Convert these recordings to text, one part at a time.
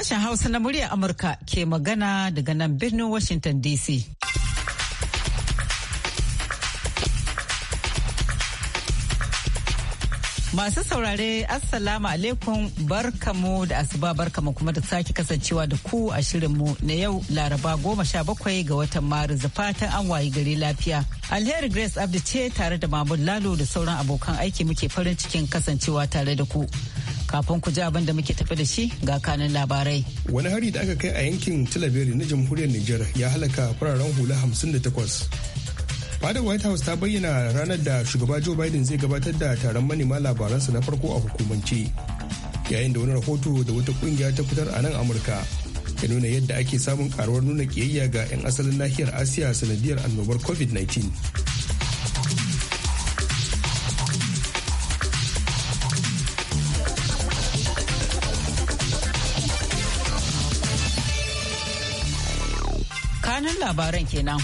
Sashen Hausa na muryar Amurka ke magana daga nan birnin Washington DC. Masu saurare Assalamu alaikum barkamu da asuba barkamu kuma da sake kasancewa da ku a shirinmu na yau Laraba goma sha bakwai ga watan Maris da fatan an wayi gari lafiya. Alheri Grace abdu ce tare da Mamun Lalo da sauran abokan aiki muke farin cikin kasancewa tare da ku. kafin ku ji abin da muke tafi da shi ga kanin labarai. Wani hari da aka kai a yankin Tilaberi na jamhuriyar Nijar ya halaka fararen hula 58. Fadar White House ta bayyana ranar da shugaba Joe Biden zai gabatar da taron manema labaransa na farko a hukumance. Yayin da wani rahoto da wata kungiya ta fitar a nan Amurka ya nuna yadda ake samun karuwar nuna kiyayya ga 'yan asalin nahiyar Asiya sanadiyar annobar COVID-19. labaran kenan.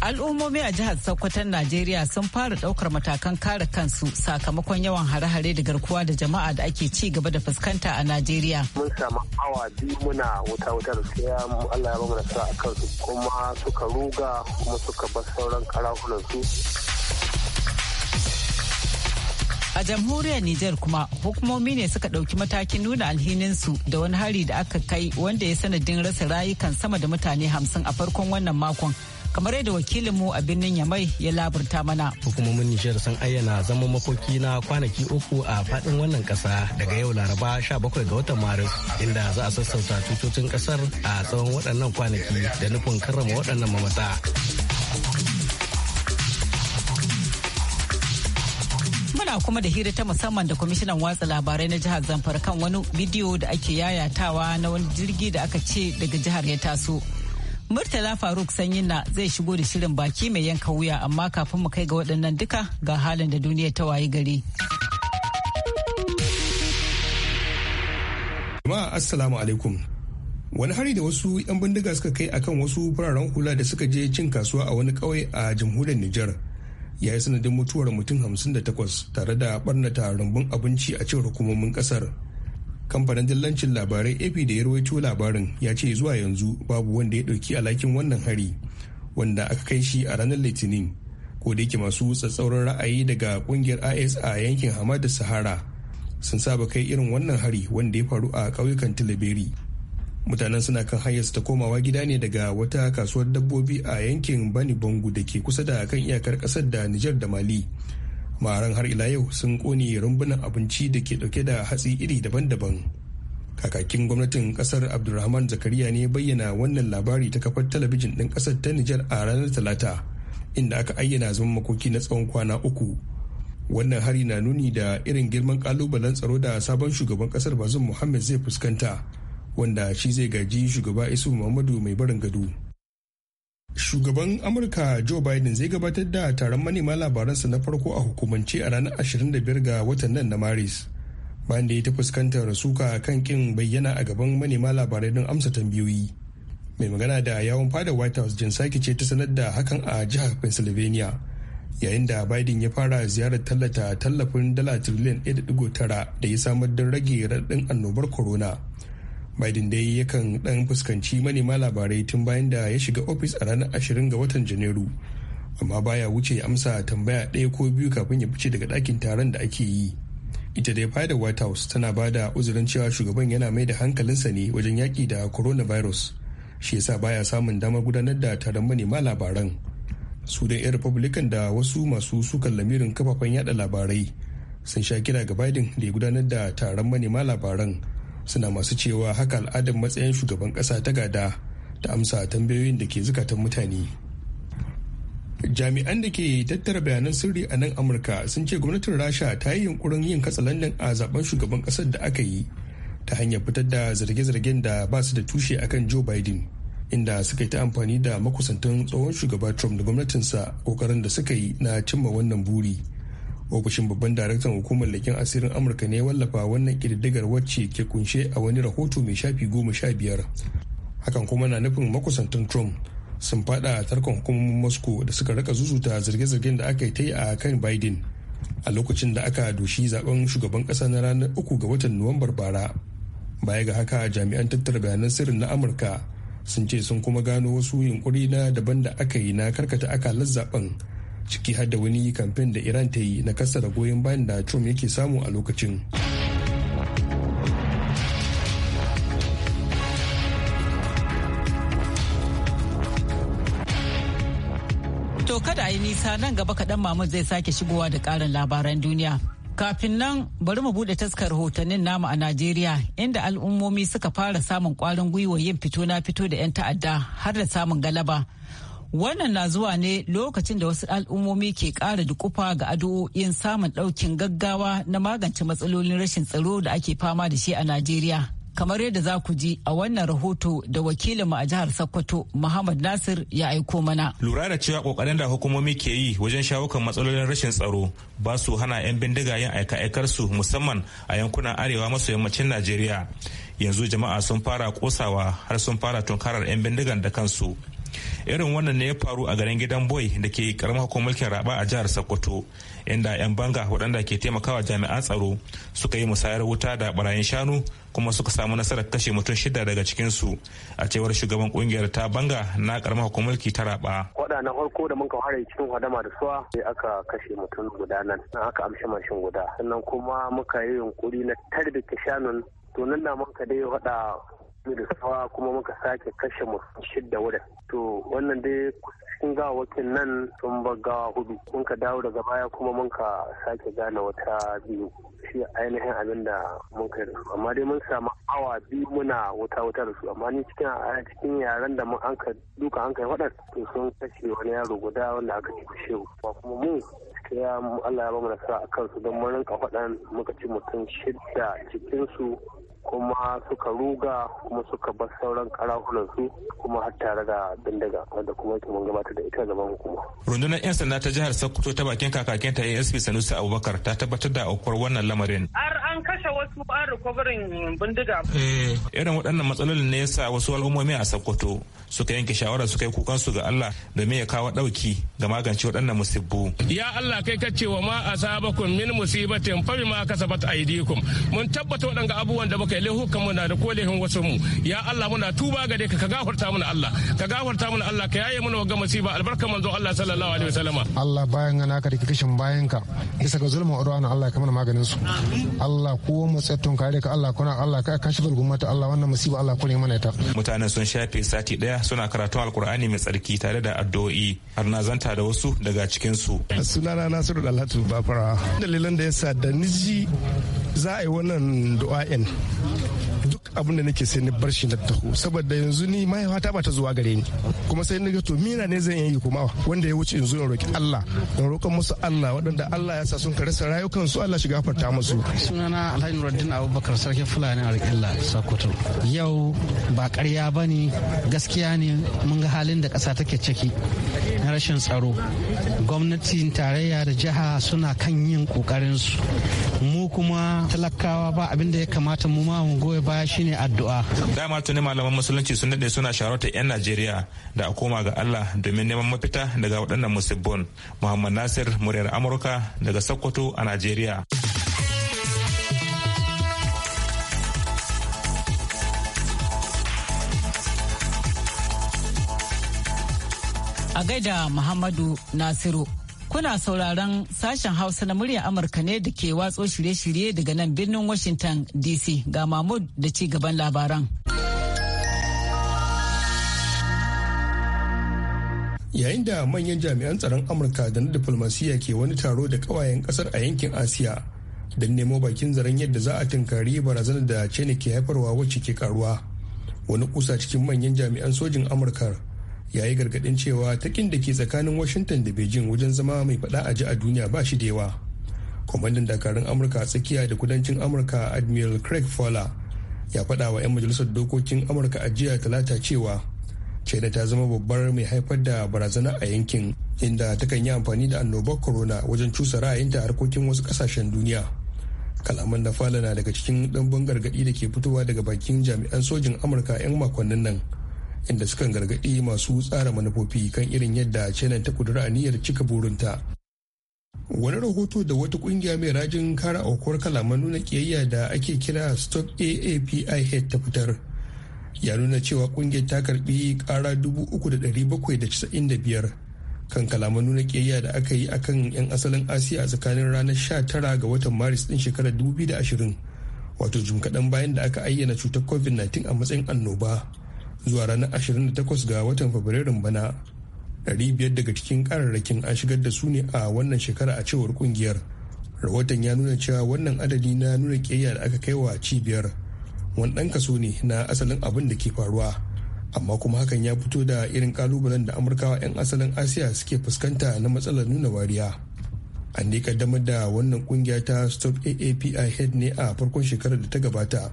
Al'ummomi a jihar Sokoton Najeriya sun fara ɗaukar matakan kare kansu sakamakon yawan hare-hare da garkuwa da jama'a da ake ci gaba da fuskanta a Najeriya. Mun samu awa biyu muna wuta wuta da sai Allah ya bamu nasara a kansu kuma suka ruga kuma suka bar sauran karafunan su. A jamhuriyar Nijar kuma hukumomi ne suka ɗauki matakin nuna alhininsu da wani hari da aka kai wanda ya sanadin rasa rayukan sama da mutane hamsin a farkon wannan makon. kamar yadda wakilinmu a birnin yamai ya laburta mana hukumomin nijar sun ayyana zama makoki na kwanaki uku a fadin wannan kasa daga yau laraba 17 ga watan maris inda za a sassauta tutocin kasar a tsawon waɗannan kwanaki da nufin karrama waɗannan mamata muna kuma da hira ta musamman da kwamishinan watsa labarai na jihar zamfara kan wani bidiyo da ake yayatawa na wani jirgi da aka ce daga jihar ya taso murtala faruk na zai shigo da shirin baki mai yanka wuya amma kafin mu kai ga waɗannan duka ga halin da duniya ta wayi gari jama'a assalamu alaikum wani hari da wasu 'yan bindiga suka kai akan wasu fararen hula da suka je cin kasuwa a wani kauye a jamhuriyar Nijar ya yi sanadin mutuwar mutum hamsin da takwas tare da barnata rumbun abinci a cikin hukumomin kasar kamfanin dillancin labarai ap da ya rawaito labarin ya ce zuwa yanzu babu wanda ya ɗauki alhakin wannan hari wanda aka kai shi a ranar litinin ko da yake masu tsatsauran ra'ayi daga kungiyar is a yankin hamad sahara sun saba kai irin wannan hari wanda ya faru a ƙauyukan tilaberi mutanen suna kan hanyar ta komawa gida ne daga wata kasuwar dabbobi a yankin bani bangu da ke kusa da kan iyakar kasar da nijar da mali maran har ila yau sun kone rumbunan abinci da ke dauke da hatsi iri daban-daban kakakin gwamnatin kasar abdulrahman zakariya ne bayyana wannan labari ta kafar talabijin ɗin kasar ta nijar a ranar talata inda aka ayyana zaman makoki na tsawon kwana uku wannan hari na nuni da irin girman kalubalen tsaro da sabon shugaban kasar bazum muhammad zai fuskanta wanda shi zai gaji shugaba isu muhammadu mai barin gado shugaban amurka joe biden zai gabatar da taron manema labaransa na farko a hukumance a ranar 25 ga watan nan na maris bayan da ya ta fuskantar suka kan kin bayyana a gaban manema labarai don amsa tambayoyi mai magana da yawon fada white house jin sake ce ta sanar da hakan a jihar pennsylvania yayin da biden ya fara ziyarar tallata tallafin dala tiriliyan 1.9 da ya samar don rage raɗin annobar corona biden dai yakan dan fuskanci manema labarai tun bayan da ya shiga ofis a ranar 20 ga watan janairu amma baya wuce amsa tambaya ɗaya ko biyu kafin ya fice daga ɗakin taron da ake yi ita dai fada white house tana ba da uzurin cewa shugaban yana mai da hankalinsa ne wajen yaƙi da coronavirus shi yasa baya samun damar gudanar da taron manema labaran su da 'yan republican da wasu masu sukan lamirin kafafen yada labarai sun sha kira ga biden da ya gudanar da taron manema labaran suna masu cewa haka al'adar matsayin shugaban ƙasa ta gada ta amsa tambayoyin da ke zukatan mutane jami'an da ke tattara bayanan sirri a nan amurka sun ce gwamnatin rasha ta yi yunkurin yin katsalandan a zaben shugaban ƙasar da aka yi ta hanyar fitar da zarge-zargen da ba su da tushe akan joe biden inda suka yi ta amfani da makusantan tsohon shugaba trump da gwamnatinsa kokarin da suka yi na cimma wannan buri. ofishin babban daraktan hukumar leƙen asirin amurka ne wallafa wannan ƙididdigar wacce ke kunshe a wani rahoto mai shafi goma sha biyar hakan kuma na nufin makusantan trump sun fada a tarkon hukumomin moscow da suka rika zuzuta zirge-zirgen da aka yi ta yi a kan biden a lokacin da aka doshi zaben shugaban kasa na ranar uku ga watan nuwambar bara baya ga haka jami'an tattara bayanan sirrin na amurka sun ce sun kuma gano wasu yunkuri na daban da aka yi na karkata akalar zaben ciki har da wani kamfen da iran ta yi na da goyon bayan da trump yake samu a lokacin to kada a yi nisa nan gaba kaɗan mamud zai sake shigowa da ƙarin labaran duniya Kafin nan bari mu bude taskar rahotannin namu a Najeriya inda al'ummomi suka fara samun kwarin gwiwa yin fito na fito da 'yan ta'adda har da samun galaba. Wannan na zuwa ne lokacin da wasu al'ummomi ke ƙara dukufa ga addu'o'in samun ɗaukin gaggawa na magance matsalolin rashin tsaro da ake fama da shi a Najeriya. Kamar yadda za ku ji a wannan rahoto da wakilinmu a jihar Sokoto Muhammad Nasir ya aiko mana. Lura da cewa kokarin da hukumomi ke yi wajen shawo kan matsalolin rashin tsaro ba su hana 'yan bindiga yin aika-aikarsu musamman a yankunan arewa maso yammacin Najeriya. Yanzu jama'a sun fara kosawa har sun fara tunkarar 'yan bindigan da kansu. irin wannan ne ya faru a garin gidan boy da ke karamar hukumar mulkin raba a jihar sokoto inda 'yan banga waɗanda ke taimakawa jami'an tsaro suka yi musayar wuta da barayin shanu kuma suka samu nasarar kashe mutum shida daga cikinsu a cewar shugaban kungiyar ta banga na karamar hukumar mulki ta raba. wadannan farko da muka fara cikin hadama da suwa sai aka kashe mutum guda nan na aka amshi mashin guda sannan kuma muka yi yunkuri na tarbike shanun to nan na muka dai waɗa. da sawa kuma muka sake kashe mutum shidda wurin to wannan dai cikin gawawakin nan sun gawa hudu mun ka dawo daga baya kuma mun ka sake gane wata biyu shi ainihin abin da mun kai da su amma dai mun samu awa biyu muna wuta wuta da su amma ni cikin cikin yaran da mun anka duka an kai waɗan to sun kashe wani yaro guda wanda aka ci kushe ba kuma mu ya Allah ya ba mu nasara akan su don mun rinka faɗan muka ci mutum shidda cikin su kuma suka ruga kuma suka bar sauran karahunan su kuma har tare da bindiga wanda kuma mun gabatar da ita gaban hukuma. Rundunar 'yan sanda ta jihar Sokoto ta bakin ta ASP Sanusi Abubakar ta tabbatar da aukuwar wannan lamarin. Har an kashe wasu an recovering bindiga. Eh, irin waɗannan matsalolin ne yasa wasu al'ummomi a Sokoto suka yanke shawara suka yi kukan su ga Allah domin ya kawo ɗauki ga magance waɗannan musibbu. Ya Allah kai ka cewa ma asabakum min musibatin fa bima kasabat aydikum. Mun tabbata waɗannan abubuwan da muka da laihukan mu da ko laihin wasu mu ya Allah muna tuba gare ka ka gafarta mana Allah ka gafarta mana Allah ka yaye mana wa masiba albarka manzo Allah sallallahu alaihi wasallama Allah bayan ana ka da kishin bayan ka bisa ga zulmin urwan Allah ka mana maganin su Allah ko matsattun kare ka Allah kuna Allah ka kashi gulgumata Allah wannan masiba Allah kone mana ita mutanen sun shafe sati daya suna karatun alkur'ani mai tsarki tare da addu'o'i har na zanta da wasu daga cikin su sunana Nasiru Dalhatu Bafara dalilan da yasa da niji za a yi wannan du'a'in duk abin da nake sai ni bar shi na taho saboda yanzu ni mahaifata ba ta zuwa gare ni kuma sai ni ga to mira ne zan yi kuma wanda ya wuce yanzu in roki Allah in roƙa musu Allah waɗanda Allah ya sa sun ka rasa rayukan su Allah shi gafarta musu sunana Alhaji Nuruddin Abubakar sarkin Fulani Arkilla Sokoto yau ba ƙarya bane gaskiya ne mun ga halin da ƙasa take ciki na rashin tsaro gwamnatin tarayya da jiha suna kan yin ƙoƙarinsu mu kuma talakawa ba abin da ya kamata mu ma mu goyi baya shine addu'a dama tuni malaman musulunci sun dade suna shawartar yan Najeriya da a koma ga Allah domin neman mafita daga waɗannan musibbon Muhammad Nasir muryar Amurka daga Sokoto a Najeriya a gaida Muhammadu Nasiru Kuna sauraron sashen Hausa na muryar Amurka ne da ke watso shirye-shirye daga nan birnin Washington DC ga Mahmud da ci gaban labaran. Yayin da manyan jami'an tsaron Amurka da na diflomasiyya ke wani taro da kawayen kasar a yankin Asiya don nemo bakin zaren yadda za a tunkari barazanar da China ke haifarwa wacce ke karuwa. Wani kusa cikin manyan jami'an sojin Amurka ya yi gargaɗin cewa takin da ke tsakanin washington da beijing wajen zama mai faɗa a ji a duniya ba shi da yawa kwamandan dakarun amurka tsakiya da kudancin amurka admiral craig fowler ya faɗa wa 'yan majalisar dokokin amurka a jiya talata cewa china ta zama babbar mai haifar da barazana a yankin inda takan yi amfani da annobar corona wajen cusa ra'ayinta harkokin wasu kasashen duniya kalaman na fala na daga cikin ɗanbun gargaɗi da ke fitowa daga bakin jami'an sojin amurka 'yan makonnin nan inda sukan gargaɗi masu tsara manufofi kan irin yadda china ta kudura aniyar cika burinta wani rahoto da wata kungiya mai rajin kara aukuwar kalaman nuna kiyayya da ake kira stock aapi ta fitar ya nuna cewa kungiyar ta karbi kara 3,795 kan kalaman nuna kiyayya da aka yi akan 'yan asalin asiya a tsakanin ranar 19 ga watan maris din shekarar 2020 wato jim kaɗan bayan da aka ayyana cutar covid-19 a matsayin annoba zuwa ranar 28 ga watan fabrairun bana 500 daga cikin kararrakin an shigar da su ne a wannan shekara a cewar kungiyar rahoton ya nuna cewa wannan adadi na nuna kiyayya da aka kai wa cibiyar wani ɗan kaso ne na asalin abin da ke faruwa amma kuma hakan ya fito da irin kalubalen da amurkawa 'yan asalin asiya suke fuskanta na matsalar nuna wariya an dai kaddamar da wannan kungiya ta stop aapi head ne a farkon shekarar da ta gabata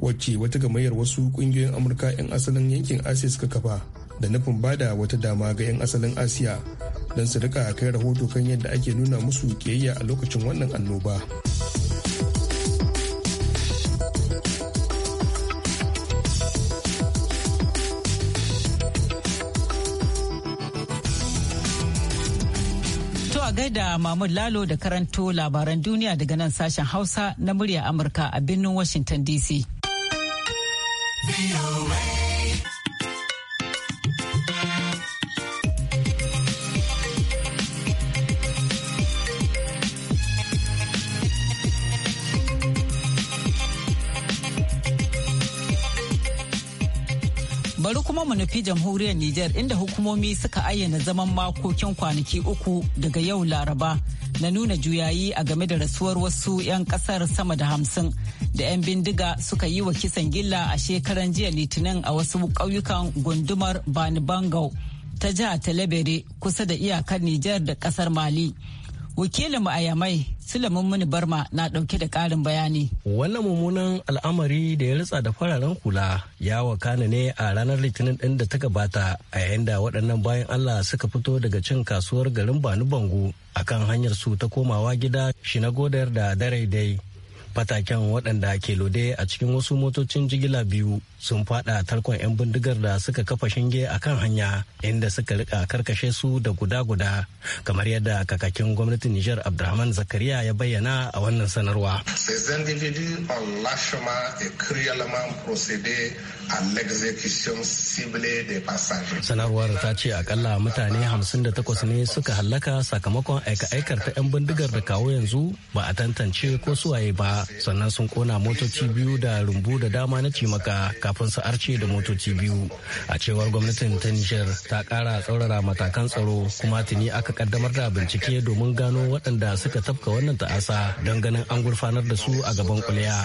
wacce wata gamayyar wasu kungiyoyin amurka 'yan asalin yankin asiya suka kafa da nufin bada wata dama ga 'yan asalin asiya don su rika kai rahoto kan yadda ake nuna musu kiyayya a lokacin wannan annoba da Mahmud Lalo da karanto labaran duniya daga nan sashen Hausa na murya Amurka a birnin Washington DC. bari kuma mu nufi jamhuriyar Nijar inda hukumomi suka ayyana zaman makokin kwanaki uku daga yau Laraba na nuna juyayi a game da rasuwar wasu 'yan kasar sama da hamsin da 'yan bindiga suka yi wa kisan gilla a shekaran jiya litinin a wasu ƙauyukan gundumar banibangau ta jihar talabere kusa da iyakar nijar da kasar mali wakilinmu a yamai Sulaiman Muni Barma na ɗauke da ƙarin bayani. Wannan mummunan al'amari da ya ritsa da fararen hula ya wakana ne a ranar Litinin ɗin da ta gabata a yayin da waɗannan bayan Allah suka fito daga cin kasuwar garin Banu Bango kan hanyar su ta komawa gida shi na godar da dare dai Fataken waɗanda ke lode a cikin wasu motocin jigila biyu sun fada tarkon 'yan bindigar da suka kafa shinge a kan hanya inda suka rika karkashe su da guda-guda kamar yadda kakakin gwamnatin Nijar Abdulrahman Zakariya ya bayyana a wannan sanarwa. Sanarwar ta ce akalla mutane 58 ne suka hallaka sakamakon aika-aikar ta 'yan bindigar da kawo yanzu ba a tantance ko suwaye ba sannan sun kona motoci biyu da rumbu da dama na cimaka kafin su arce da motoci biyu a cewar gwamnatin ta nijar ta kara tsaurara matakan tsaro kuma tuni aka kaddamar da bincike domin gano waɗanda suka tafka wannan ta'asa don ganin an gurfanar da su a gaban kuliya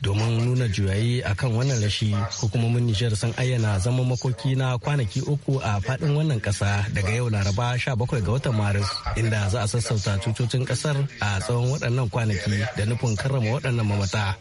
domin nuna juyayi akan wannan rashi hukumomin nijar sun ayyana zama makoki na kwanaki uku a faɗin wannan ƙasa daga yau laraba 17 ga watan maris inda za a sassauta tutocin ƙasar a tsawon waɗannan kwanaki da nufin karrama waɗannan mamata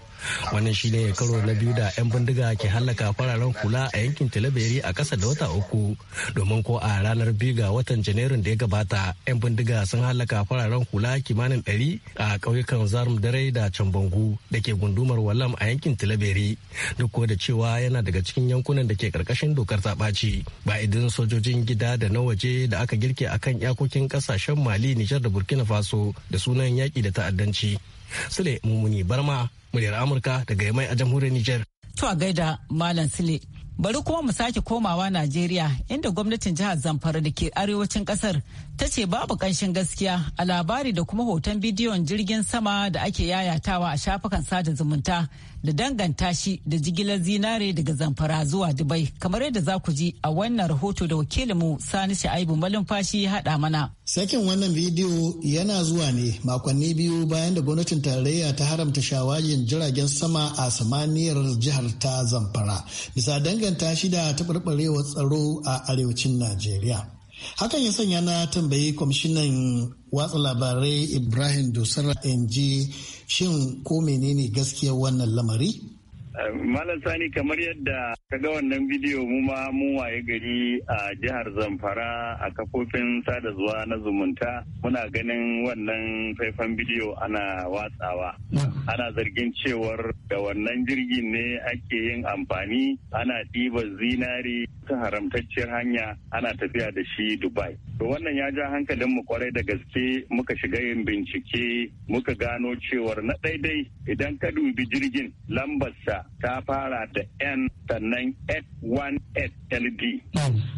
wannan shine karo na biyu da 'yan bindiga ke hallaka fararen kula a yankin talabari a ƙasa da wata uku domin ko a ranar biyu ga watan janairun da ya gabata 'yan bindiga sun hallaka fararen kula kimanin 100 a ƙauyukan zarum dare da cambangu da ke gundumar wallam a yankin talabari duk da cewa yana daga cikin yankunan da ke karkashin dokar taɓaci ba idan sojojin gida da na waje da aka girke akan iyakokin ƙasashen mali nijar da burkina faso da sunan yaƙi da ta'addanci sule mummuni barma muryar Amurka daga Yamai a jamhuriyar Nijar. To a gaida Malam Sule. Bari kuma mu sake komawa Najeriya inda gwamnatin jihar Zamfara da ke arewacin kasar ta ce babu ƙanshin gaskiya a labari da kuma hoton bidiyon jirgin sama da ake yayatawa a shafukan sada zumunta da danganta shi da jigilar zinare daga zamfara zuwa dubai kamar yadda za ku ji a wannan rahoto da wakilinmu sani sha'ibu malumfashi haɗa mana sakin wannan bidiyo yana zuwa ne makonni biyu bayan da gwamnatin tarayya ta haramta shawagin jiragen sama a samaniyar jihar ta zamfara bisa danganta shi da taɓarɓarewar tsaro a arewacin najeriya hakan ya sanya na tambayi kwamishinan watsa labarai ibrahim dosara in ji shin ko menene gaskiyar wannan lamari Eh, Malam Sani kamar yadda ka ga wannan bidiyo mu ma mu waye gari a jihar Zamfara a kafofin sada zuwa na zumunta muna ganin wannan faifan bidiyo ana watsawa. Ana zargin cewar da wannan jirgin ne ake yin amfani ana ɗiba zinari ta haramtacciyar hanya ana tafiya da shi Dubai. To wannan ya ja hankalin mu kwarai da gaske muka shiga yin bincike muka gano cewar na daidai idan ka dubi jirgin lambarsa ta fara da N sannan 1 ld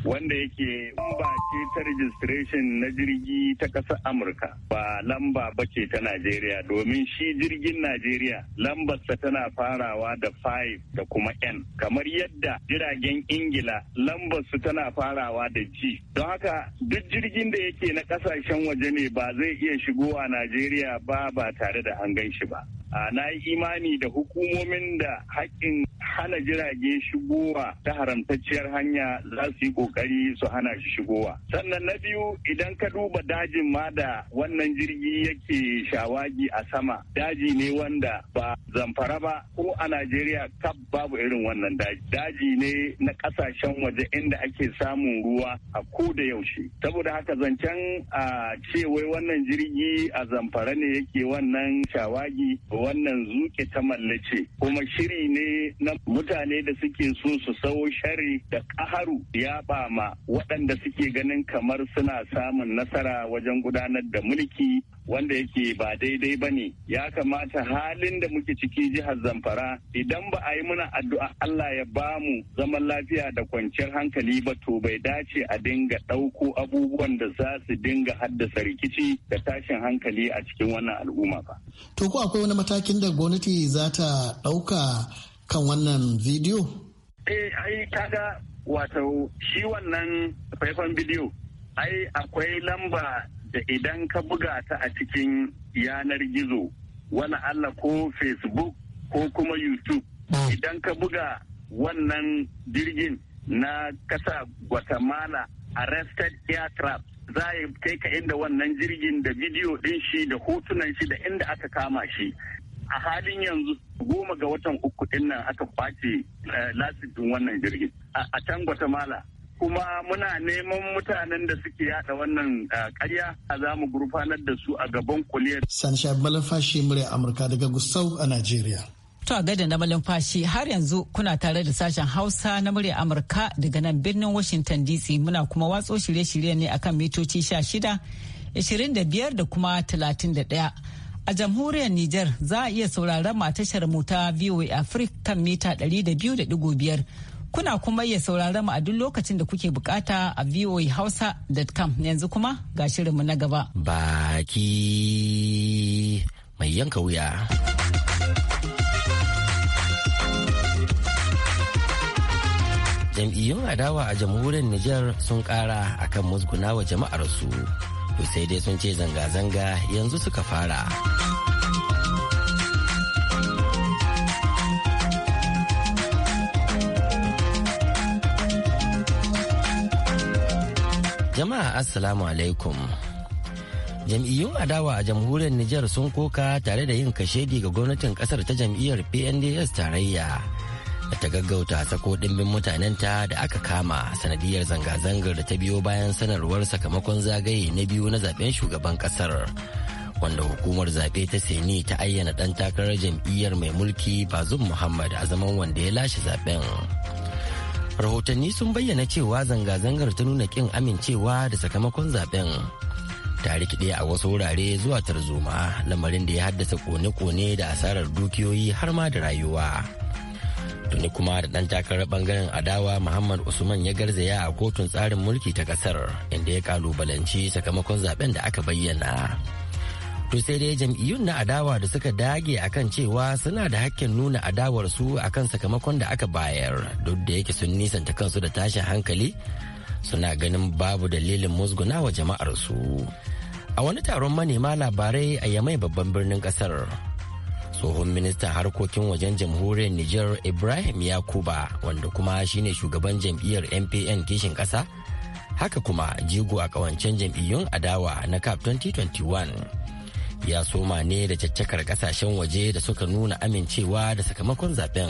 wanda yake lamba ce ta registration na jirgi ta ƙasar Amurka ba lamba ba ce ta Najeriya domin shi jirgin Najeriya lambarsa tana farawa da 5 da kuma N kamar yadda jiragen Ingila lambarsu tana farawa da G don haka duk jirgin da yake na ƙasashen waje ne ba zai iya shigowa Najeriya ba ba tare da an gan shi ba. na yi imani da hukumomin da haƙƙin hana jirage shigowa ta haramtacciyar hanya za su yi ƙoƙari su hana shi shigowa sannan na biyu idan ka duba dajin ma da wannan jirgi yake shawagi a sama daji ne wanda ba zamfara ba ko a najeriya kaf babu irin wannan daji daji ne na ƙasashen waje inda ake samun ruwa a ko da yaushe saboda haka zancen a cewai wannan jirgi a zamfara ne yake wannan shawagi wannan zuke ta mallace kuma shiri ne na mutane da suke so su sawo shari da ƙaharu ya bama waɗanda suke ganin kamar suna samun nasara wajen gudanar da mulki wanda yake ba daidai ba ne ya kamata halin da muke ciki jihar zamfara idan ba a yi muna addu'a allah ya ba mu zaman lafiya da kwanciyar hankali ba to bai dace a dinga ɗauko abubuwan da za su dinga haddasa rikici da tashin hankali a cikin wannan al'umma ba. to ko akwai wani matakin da gwamnati za ta ɗauka kan wannan bidiyo? eh ai kaga wato shi wannan faifan bidiyo ai akwai lamba da idan ka buga ta a cikin yanar gizo Wani Allah ko facebook ko kuma youtube idan ka buga wannan jirgin na kasa guatemala arrested aircraft za a kai ka inda wannan jirgin da bidiyo din shi da hotunan shi da inda aka kama shi a halin yanzu goma ga watan uku din nan aka kwace eh, lasitin wannan jirgin a can guatemala kuma muna neman mutanen da suke yada wannan karya eh, a za mu gurfanar da su a gaban kuliyar. Sanisha Malafashi murya Amurka daga Gusau a Najeriya. To a gaida na malumfashi har yanzu kuna tare da sashen Hausa na murya Amurka daga nan birnin Washington DC muna kuma watso shirye-shirye ne kan mitoci sha shida, ishirin da biyar, da kuma talatin da ɗaya. A jamhuriyar Nijar za a iya sauraron matashar mu ta VOA Africa kan mita biyar. Kuna kuma iya saurara mu a duk lokacin da kuke bukata a voahausa.com yanzu kuma ga shirinmu na gaba. Baki mai yanka wuya. jam'iyyun adawa a jamhuriyar Nijar sun kara akan musguna wa jama'ar jama'arsu. sai dai sun ce zanga-zanga yanzu suka fara. Jama'a Assalamu alaikum. Jam'iyyun adawa a jamhuriyar Nijar sun koka tare da yin kashedi ga gwamnatin kasar ta jam'iyyar PNDS tarayya. Da ta gaggauta sako ɗimbin mutanenta da aka kama sanadiyar zanga-zangar da ta biyo bayan sanarwar sakamakon zagaye na biyu na zaben shugaban kasar. Wanda hukumar zaɓe ta seni ta ayyana ɗan takarar jam'iyyar mai mulki Bazum Muhammad a zaman wanda ya lashe zaben. rahotanni sun bayyana cewa zanga-zangar ta nuna kin amincewa da sakamakon zaben ta rikide a wasu wurare zuwa tarzoma lamarin da ya haddasa kone-kone da asarar dukiyoyi har ma da rayuwa tuni kuma da dan takarar bangaren adawa muhammad usman ya garzaya a kotun tsarin mulki ta kasar inda ya kalubalanci sakamakon zaben da aka bayyana to sai dai jam'iyyun na adawa da suka dage akan cewa suna da hakkin nuna adawarsu akan sakamakon da aka bayar duk da yake sun nisanta kansu da tashin hankali suna ganin babu dalilin musguna wa su a wani taron manema labarai a yamai babban birnin kasar tsohon ministan harkokin wajen jamhuriyar niger ibrahim yakuba wanda kuma shine shugaban jam'iyyar mpn kishin kasa haka kuma jigo a kawancen jam'iyyun adawa na cap 2021 ya soma ne da caccakar kasashen waje da suka nuna amincewa da sakamakon zaben.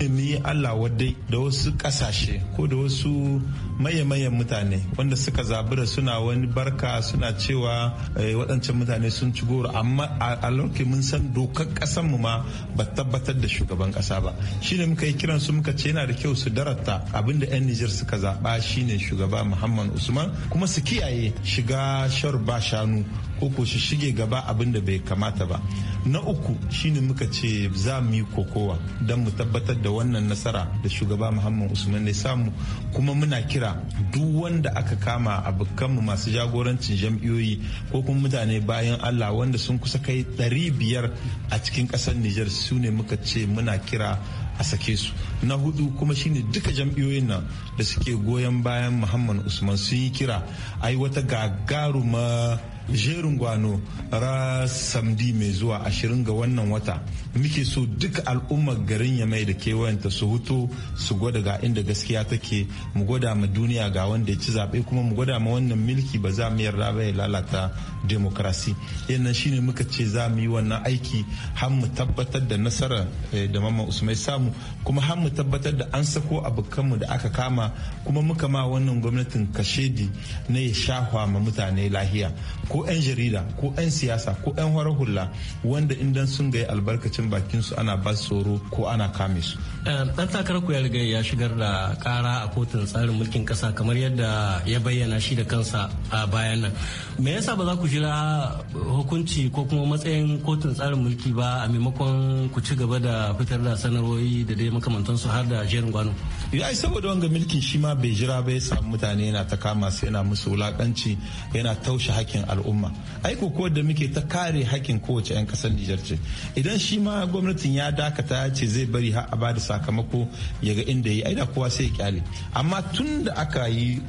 Ni Allah wadai da wasu kasashe ko da wasu maye-mayen mutane wanda suka zabi da suna wani barka suna cewa eh, waɗancan mutane sun ci goro amma a lokacin mun san dokar ƙasar mu ma ba tabbatar da shugaban ƙasa ba shine muka yi kiran su muka ce yana da kyau su darata da 'yan Nijar suka zaɓa shine shugaba Muhammad Usman kuma su kiyaye shiga shar ba shanu ko ko shi shige gaba abin da bai kamata ba na uku shine muka ce za mu yi kokowa don mu tabbatar da wannan nasara da shugaba muhammad usman ne samu kuma muna kira duk wanda aka kama abokanmu masu jagorancin jam'iyoyi ko kuma mutane bayan allah wanda sun kusa kai ɗari biyar a cikin ƙasar nijar su ne muka ce muna kira a sake su na hudu kuma shine duka jam'iyoyin nan da suke goyon bayan muhammad usman sun yi kira ayi wata gagaruma jerin gwano ra samdi mai zuwa ashirin ga wannan wata muke so duka al'ummar garin ya mai da kewayenta su hutu su gwada ga inda gaskiya take mu gwada ma duniya ga wanda ya ci zaɓe kuma mu gwada ma wannan milki ba za mu yarda ba ya lalata demokrasi yannan shine muka ce za mu yi wannan aiki har mu tabbatar da nasara eh, da mama usmai samu kuma har mu tabbatar da an sako abokanmu da aka kama kuma muka ma wannan gwamnatin kashedi na ya shahwa ma mutane lahiya ko 'yan jarida ko 'yan siyasa ko 'yan horar hula wanda idan sun ga albarkacin bakin su ana ba tsoro ko ana kame su. Dan eh, takarar ku ya riga ya shigar da kara a kotun tsarin mulkin kasa kamar yadda ya bayyana shi da kansa a bayan nan. Me yasa ba za ku jira hukunci ko kuma matsayin kotun tsarin mulki ba a maimakon ku ci gaba da fitar da sanarwoyi da dai makamantansu har da jerin gwano. ai saboda wanga milkin shi ma bai jira ba ya samu mutane yana ta kama su yana musu wulakanci yana taushe hakkin al'umma ai ko da muke ta kare hakkin kowace 'yan kasar Nijar ce idan shi ma gwamnatin ya dakata ya ce zai bari har a bada sakamako ya ga inda yi ai da kowa sai ya kyale amma tun da aka yi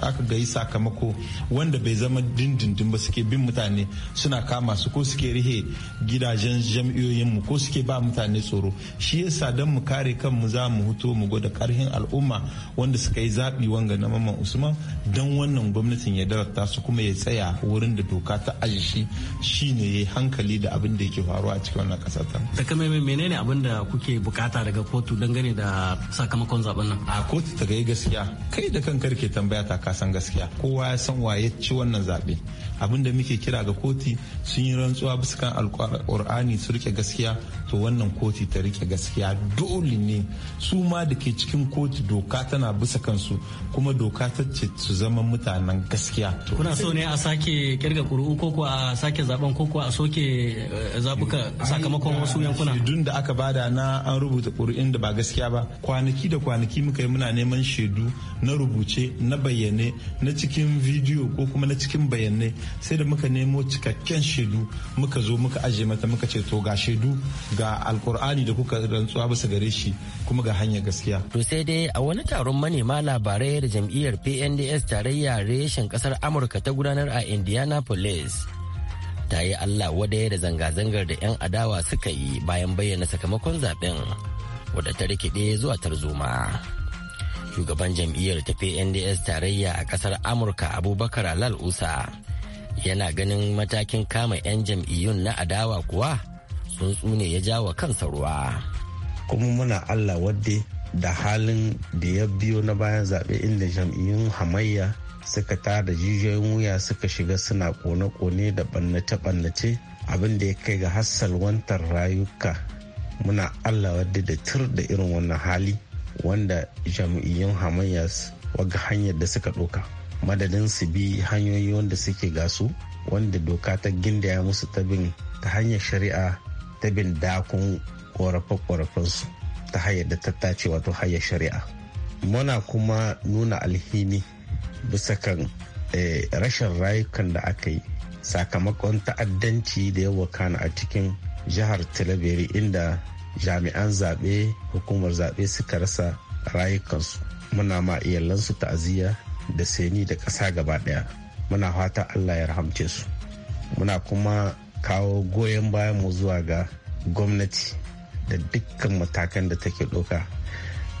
aka ga sakamako wanda bai zama dindindin ba suke bin mutane suna kama su ko suke rihe gidajen jam'iyoyin mu ko suke ba mutane tsoro shi yasa dan mu kare kanmu za mu huto mu gwada karhin al'umma wanda suka yi zaɓi wanga na Mamman Usman don wannan gwamnatin ya darata su kuma ya tsaya wurin da doka ta ajishi shi ne ya hankali da abin da yake faruwa a cikin wannan ƙasa ta. mai menene abin da kuke bukata daga kotu dangane da sakamakon zaben nan? A kotu ta yi gaskiya kai da kan ke tambaya ta san gaskiya kowa ya san wa ya ci wannan zaɓe abin da muke kira ga kotu sun yi rantsuwa bisa kan alƙur'ani su rike gaskiya to wannan koti ta rike gaskiya dole ne su ma da ke cikin koti doka tana bisa kansu kuma doka ta ce su zama mutanen gaskiya kuna so ne a sake kirga kuru'u ko ko a sake zaben ko ko a soke eh, zabuka sakamakon wasu yankuna Shedun da aka bada na an rubuta kuri'un da ba gaskiya ba kwanaki da kwanaki muka yi muna neman shaidu na rubuce na bayyane na cikin bidiyo ko kuma na cikin bayyane sai da muka nemo cikakken shaidu muka zo muka aje mata muka ce to ga shaidu ga alkur'ani da kuka rantsuwa bisa gare shi kuma ga hanyar gaskiya. To sai dai a wani taron manema labarai da jam'iyyar PNDS tarayya reshen kasar Amurka ta gudanar a Indianapolis. Ta yi Allah wadaya da zanga-zangar da 'yan adawa suka yi bayan bayyana sakamakon zaben wadda ta rikide zuwa tarzoma. Shugaban jam'iyyar ta PNDS tarayya a kasar Amurka Abubakar Alal Usa yana ganin matakin kama 'yan jam'iyyun na adawa kuwa tsuntsu ne ya ja wa kansa ruwa kuma muna allah wadde da halin da ya biyo na bayan zaɓe inda jam'iyyun hamayya suka tada jijiyoyin wuya suka shiga suna kone-kone da ɓannace-ɓannace abin da ya kai ga wantar rayuka muna allah wadda da tur da irin wannan hali wanda jam'iyyun hamayya waga hanyar da suka ɗauka madadin su bi hanyoyi wanda suke gasu wanda doka ta gindaya musu ta bin ta hanyar shari'a ta bin dakun korafe su ta hanyar da ta tace wato hanyar shari'a muna kuma nuna alhini bisa kan eh, rashin rayukan da aka yi sakamakon ta'addanci da yawa kana a cikin jihar talabiri inda jami'an zaɓe hukumar zaɓe suka rasa rayukansu muna ma iyalansu ta'aziyya da seni da ƙasa gaba ɗaya muna fata allah ya rahamce su muna kuma kawo goyon bayan mu zuwa ga gwamnati da dukkan matakan da take doka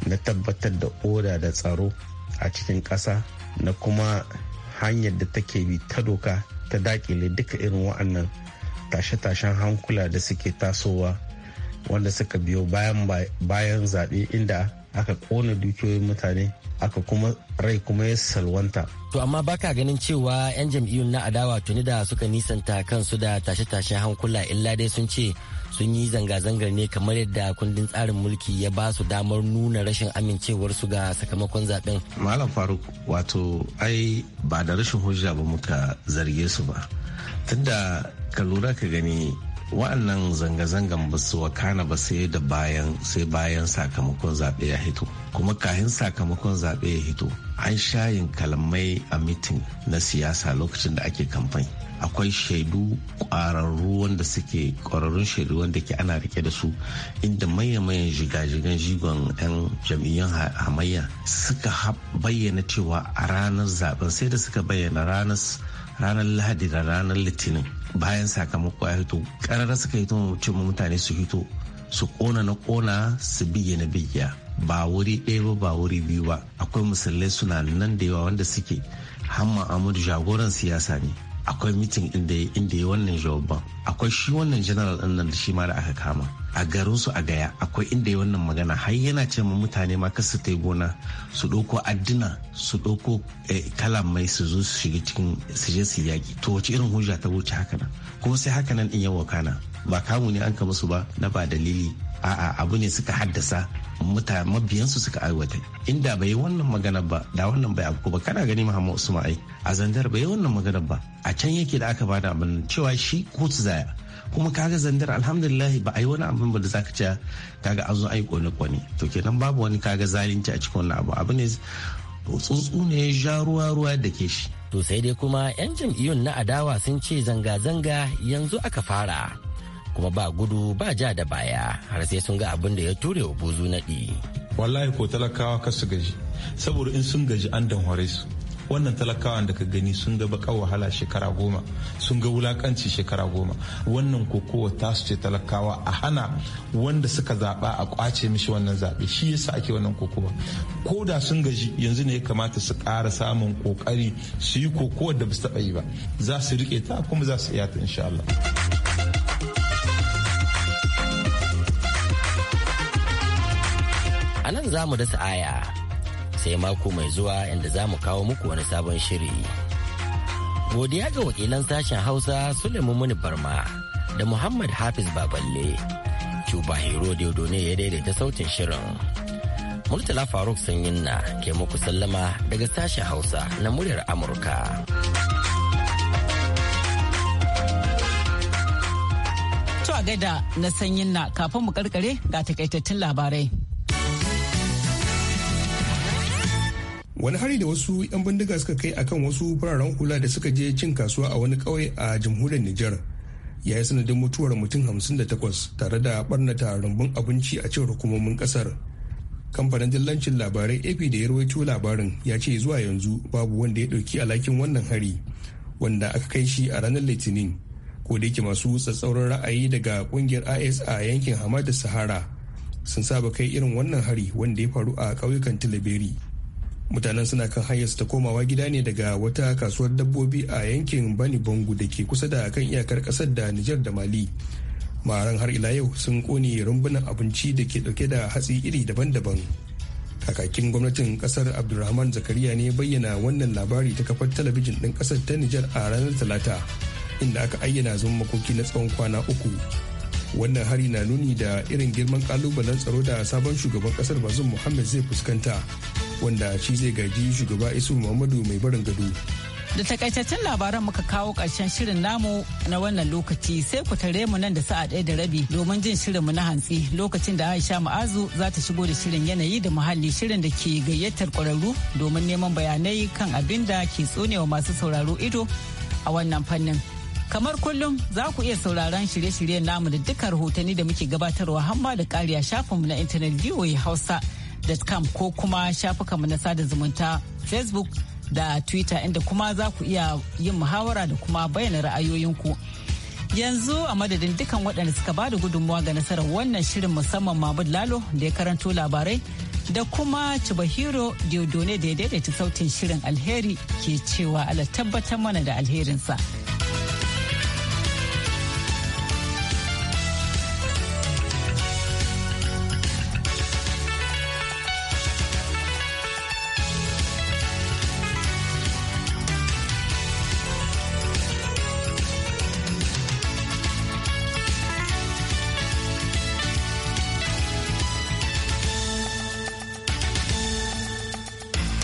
na tabbatar da oda da tsaro a cikin ƙasa na kuma hanyar da take bi ta doka ta dakile duka irin wa'annan tashe-tashen hankula da suke tasowa wanda suka biyo bayan zaɓe inda aka kona dukiyoyin mutane aka kuma rai kuma ya salwanta. To amma baka ganin cewa 'yan jam'iyyun na adawa tuni da suka nisanta kansu da tashe-tashen hankula illa dai sun ce sun yi zanga-zangar ne kamar yadda kundin tsarin mulki ya ba su damar nuna rashin amincewarsu ga sakamakon zaben. Malam Faruk wato ai ba da rashin hujja ba muka zarge su ba. Tunda ka lura ka gani wa'annan zanga-zangan ba su wakana ba sai da bayan sai bayan sakamakon zaɓe ya hito kuma kahin sakamakon zaɓe ya hito an shayin kalamai a mitin na siyasa lokacin da ake kamfani akwai shaidu ƙwararru wanda suke ƙwararrun shaidu wanda ke ana rike da su inda manya-manyan jiga-jigan jigon 'yan jam'iyyun hamayya suka bayyana cewa a ranar zaben sai da suka bayyana ranar lahadi da ranar litinin bayan sakamako ya hito suka suka hito ce mutane su hito su kona na kona su bige na bigya ba wuri ɗaya ba ba wuri biyu ba akwai musulmai suna nan da yawa wanda suke hamma amadu jagoran siyasa ne akwai mitin inda inda ya wannan jawaban akwai shi wannan general din nan da shi ma da aka kama a garin su a gaya akwai inda ya wannan magana har yana ce ma mutane ma kasu ta tai gona su ɗauko addina su ɗauko eh, kala mai su zo su shiga cikin su je su yaki. to wace irin hujja ta wuce haka nan kuma sai haka nan din ya kana ba kamu ne an ka musu ba na ba dalili a'a abu ne suka haddasa mutane mabiyansu suka aiwata inda bai wannan magana ba da wannan bai abu ba kana gani Muhammad Usman ai a zandar bai wannan magana ba a can yake da aka bada abin cewa shi kotu zaya kuma kaga zandar alhamdulillah ba a yi wani abin ba da zaka ce kaga an zo ai kone kone to kenan babu wani kaga zalunci a cikin wannan abu abu ne tsuntsu ne ya ja ruwa ruwa da ke shi to sai dai kuma yan jam'iyyun na adawa sun ce zanga zanga yanzu aka fara kuma ba gudu ba ja da baya har sai sun ga abin da ya ture wa buzu naɗi. wallahi ko talakawa ka su gaji saboda in sun gaji an danware su wannan talakawan da ka gani sun ga baka wahala shekara goma sun ga wulakanci shekara goma wannan kokowa ta su ce talakawa a hana wanda suka zaɓa a kwace mishi wannan zaɓe shi yasa ake wannan kokowa ko da sun gaji yanzu ne ya kamata su kara samun kokari su yi kokowa da ba su taɓa yi ba za su riƙe ta kuma za su iya ta insha Allah. anan nan za mu dasa aya sai mako mai zuwa inda za mu kawo muku wani sabon shiri. Godiya ga wakilan sashen Hausa Suleiman Muni Barma da Muhammad Hafiz Baballe. Cuba Hero ne ya daidaita sautin shirin. Murtala Faruk Sanyinna ke muku sallama daga sashen Hausa na muryar Amurka. Tuwa a gaida na sanyinna kafin mu karkare ga takaitattun labarai. wani hari da wasu 'yan bindiga suka kai akan wasu fararen hula da suka je cin kasuwa a wani kawai a jamhuriyar nijar ya yi sanadin mutuwar mutum hamsin da takwas tare da barnata rumbun abinci a cin hukumomin kasar kamfanin dillancin labarai ap da ya rawaito labarin ya ce zuwa yanzu babu wanda ya ɗauki alhakin wannan hari wanda aka kai shi a ranar litinin ko da yake masu tsatsauran ra'ayi daga kungiyar is a yankin Hamadu sahara sun saba kai irin wannan hari wanda ya faru a ƙauyukan tilaberi mutanen suna kan hanyar ta komawa gida ne daga wata kasuwar dabbobi a yankin bani bangu da ke kusa da kan iyakar kasar da nijar da mali maran har ila yau sun kone rumbunan abinci da ke dauke da hatsi iri daban-daban kakakin gwamnatin kasar abdulrahman zakariya ne bayyana wannan labari ta kafar talabijin din kasar ta nijar a ranar talata inda aka ayyana zama makoki na tsawon kwana uku wannan hari na nuni da irin girman kalubalen tsaro da sabon shugaban kasar bazum muhammad zai fuskanta wanda shi zai gaji shugaba isu muhammadu mai barin gado da takaitaccen labaran muka kawo ƙarshen shirin namu na wannan lokaci sai ku tare mu nan da sa'a ɗaya da rabi domin jin shirin mu na hantsi lokacin da aisha ma'azu za ta shigo da shirin yanayi da muhalli shirin da ke gayyatar ƙwararru domin neman bayanai kan abin da ke tsonewa masu sauraro ido a wannan fannin kamar kullum za ku iya sauraron shirye-shiryen namu da duka rahotanni da muke gabatarwa hamma da ƙariya shafinmu na intanet voa hausa facebook.com ko kuma shafukanmu na sada zumunta facebook da twitter inda kuma za ku iya yin muhawara da kuma bayyana ra'ayoyinku yanzu a madadin dukkan waɗanda suka ba da gudunmawa ga nasarar wannan shirin musamman mahmud lalo da ya karanto labarai da kuma Chibahiro Diodone da ya daidaita sautin shirin alheri ke cewa ala tabbatar mana da alherinsa.